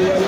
Yeah.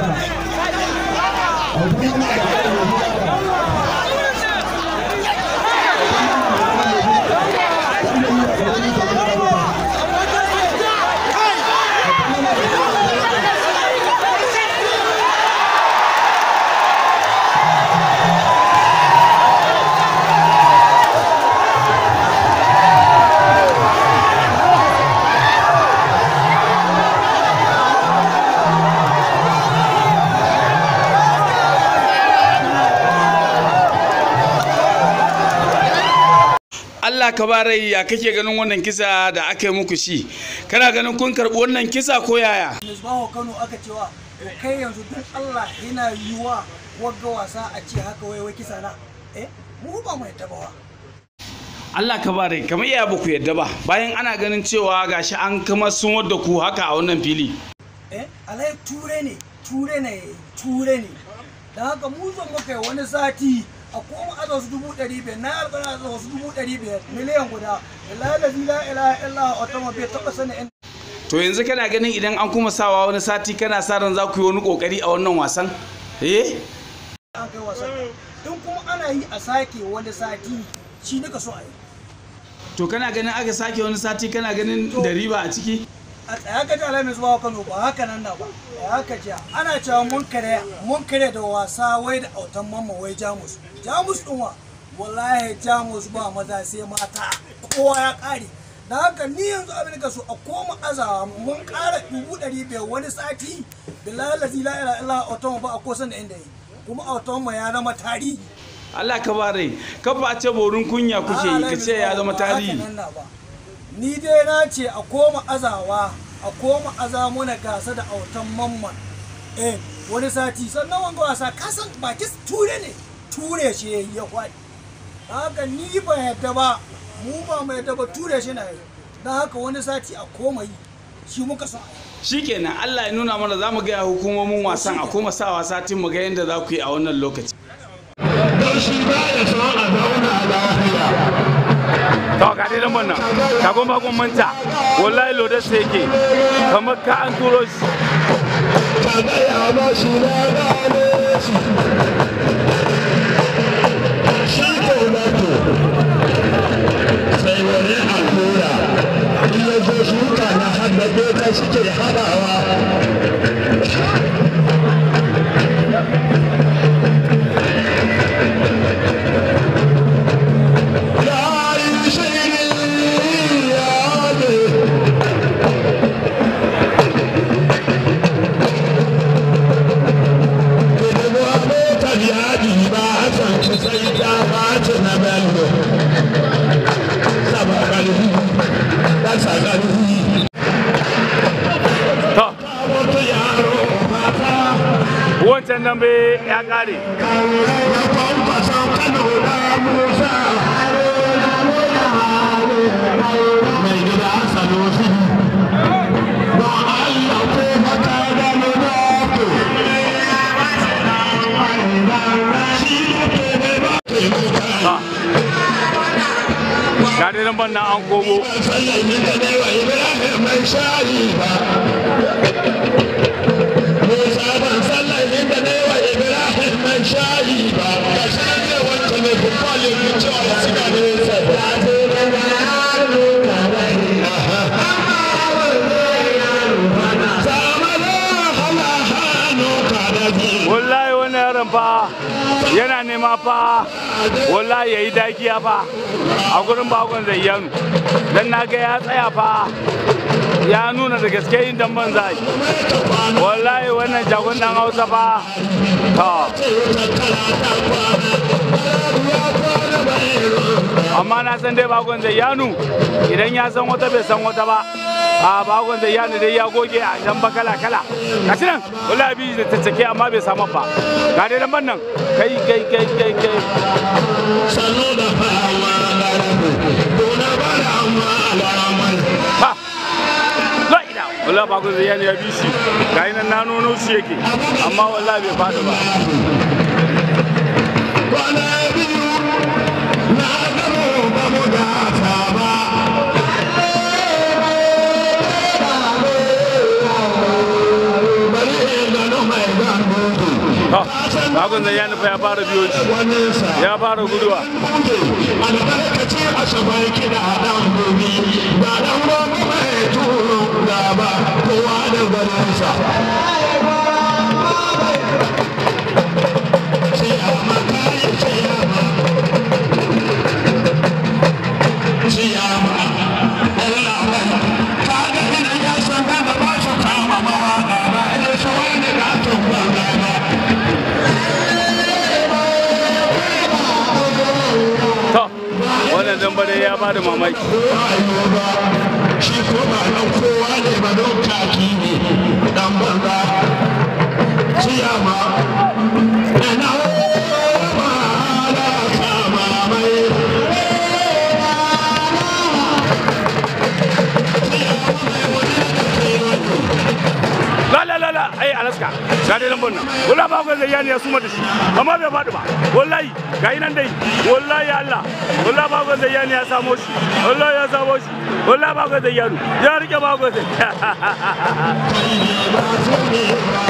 ます。Allah ka barai ya kake ganin wannan kisa da aka yi muku shi kana ganin kun karɓi wannan kisa ko yaya Misbahu Kano aka cewa kai yanzu duk Allah yana yiwa wagga wasa a ce haka wai wai kisa na eh mu ba mu yadda ba Allah ka bare kamar iya ba ku yadda ba bayan ana ganin cewa gashi an kama sun wadda ku haka a wannan fili eh alai ture ne ture ne ture ne da haka mu zo muka wani sati a koma aza wasu dubu ɗari biyar na yarda aza wasu dubu ɗari biyar miliyan guda lalazi la ilaha illa automobil taɓa sanin to yanzu kana ganin idan an kuma sawa wani sati kana sa ran za ku yi wani kokari a wannan wasan eh an kai wasan in kuma ana yi a sake wani sati shi nika so a yi to kana ganin aka sake wani sati kana ganin da riba a ciki a tsaya ka ji alamin zuwa kano ba haka nan na ba haka jiya ana cewa mun kare mun kare da wasa wai da autan mamma wai jamus jamus din wa wallahi jamus ba maza sai mata kowa ya kare da haka ni yanzu abin ka so a koma azawa mun kara dubu dari biyar wani sati bilalazi la ila illa autan ba a kosan da inda yi kuma autan ma ya zama tarihi Allah ka bare ka ba ce borin kunya kuke yi ka ce ya zama tarihi ni dai na ce a koma azawa a koma aza gasa da autan mamman eh wani sati sannan wanga wasa kasan baki ture ne ture shi ya kwaɗi haka ni ba yadda ba mu ba mu yadda ba ture shi na yi don haka wani sati a koma yi shi muka son shikenan Allah ya nuna mana zamu ga hukumomin wasan a koma sa wasa tin mu ga yadda za ku yi a wannan lokaci don shi ba ya son a zauna lafiya to ga dai nan nan ka goma gon manta wallahi lodar sai yake kamar ka an turo shi dambe ya kare gari nan ban na an komo shayi ba ka shan zai wanta ne ku da suka wallahi wani yaron fa yana nema fa wallahi yayi dakiya fa a gurin bakon zayyanu dan na ga ya tsaya fa ya nuna da gaske yin dan banza wallahi wannan jagon dan hausa fa to amma na san dai bakon yanu idan ya san wata bai san wata ba a bakon yanu dai ya goge a can ba kala kala ga shi nan wallahi bi da tattake amma bai samu ba ga dai lamban nan kai kai kai kai kai sanu da fawa ha la ila wallahi bakon zayyanu ya bi shi ga nan na nono shi yake amma wallahi bai fada ba wani fa ya fara biyo shi ya fara guduwa albarkaci a shabar kiɗa dan gobe ba dan gobe mai turun gaba kowa da barinsa damba dai ya bada mamaki shi ko ba dan kowa ne ba don kaki ne dan banza ciyama ba zai yani ya suma da shi amma bai faɗi ba wallahi ga nan dai wallahi Allah ba b'a zai yani ya samo shi wallahi ya samo shi ba b'a zai yanu ya rike b'a zai